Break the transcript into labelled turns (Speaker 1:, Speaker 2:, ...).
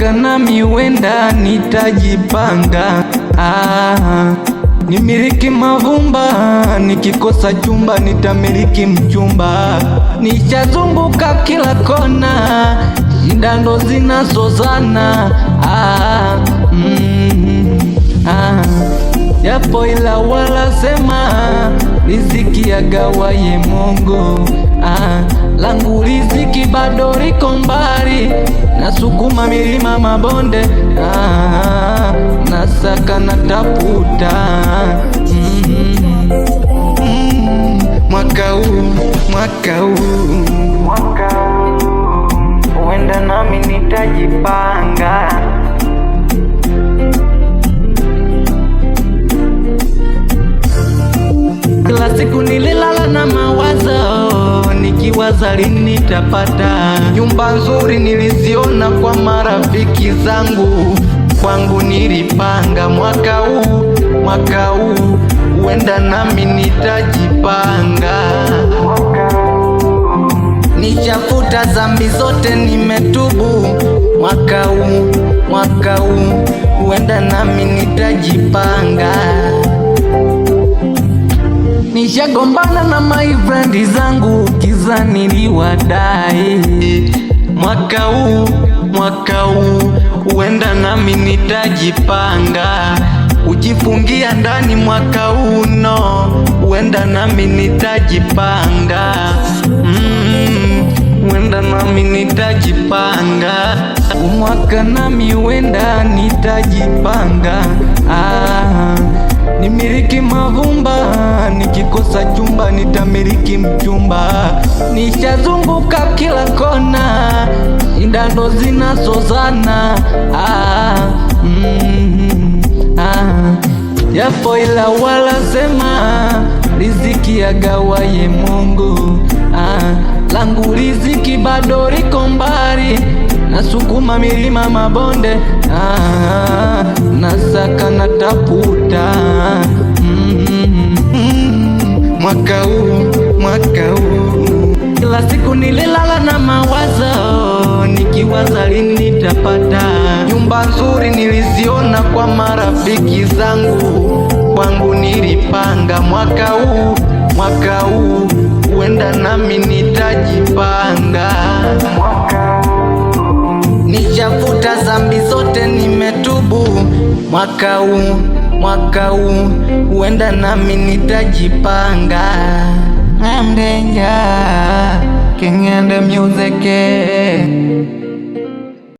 Speaker 1: Hakika na miwenda nitajipanga, ah, nimiliki mavumba, nikikosa chumba nitamiliki mchumba. Nishazunguka kila kona, shida ndo zinasozana, ah, mm, ah, japo ila wala sema riziki ya gawaye Mungu ah langu riziki bado liko mbali, nasukuma milima mabonde, ah, nasaka nataputa mm-hmm. mm-hmm. mwaka huu mwaka huu
Speaker 2: wenda nami nitajipanga
Speaker 1: kila siku nililala na nikiwaza lini nitapata nyumba nzuri, niliziona kwa marafiki zangu, kwangu nilipanga mwaka huu, mwaka huu huenda nami nitajipanga nichafuta zambi zote, nimetubu mwaka huu, mwaka huu huenda nami nitajipanga. Nishagombana na my friend zangu kwanza niliwadai. Mwaka huu mwaka huu huenda nami nitajipanga, ujifungia ndani mwaka uno, huenda nami nitajipanga mm-hmm, huenda mm, nami nitajipanga umwaka nami huenda nitajipanga ah, nimiliki mavumba nikikosa chumba nitamiliki mchumba. Nishazunguka kila kona, ndando zinazozana ah, mm, ah. ila wala sema, riziki agawaye Mungu ah, langu riziki bado liko mbali, nasukuma milima mabonde ah, nasaka nataputa mm mwaka huu, mwaka huu. Kila siku nililala na mawazo nikiwaza lini nitapata nyumba nzuri, niliziona kwa marafiki zangu, kwangu nilipanga mwaka huu, mwaka huu huenda nami nitajipanga, nijafuta zambi zote, nimetubu mwaka huu mwaka huu huenda nami nitajipanga. I'm danger, king and the music eh.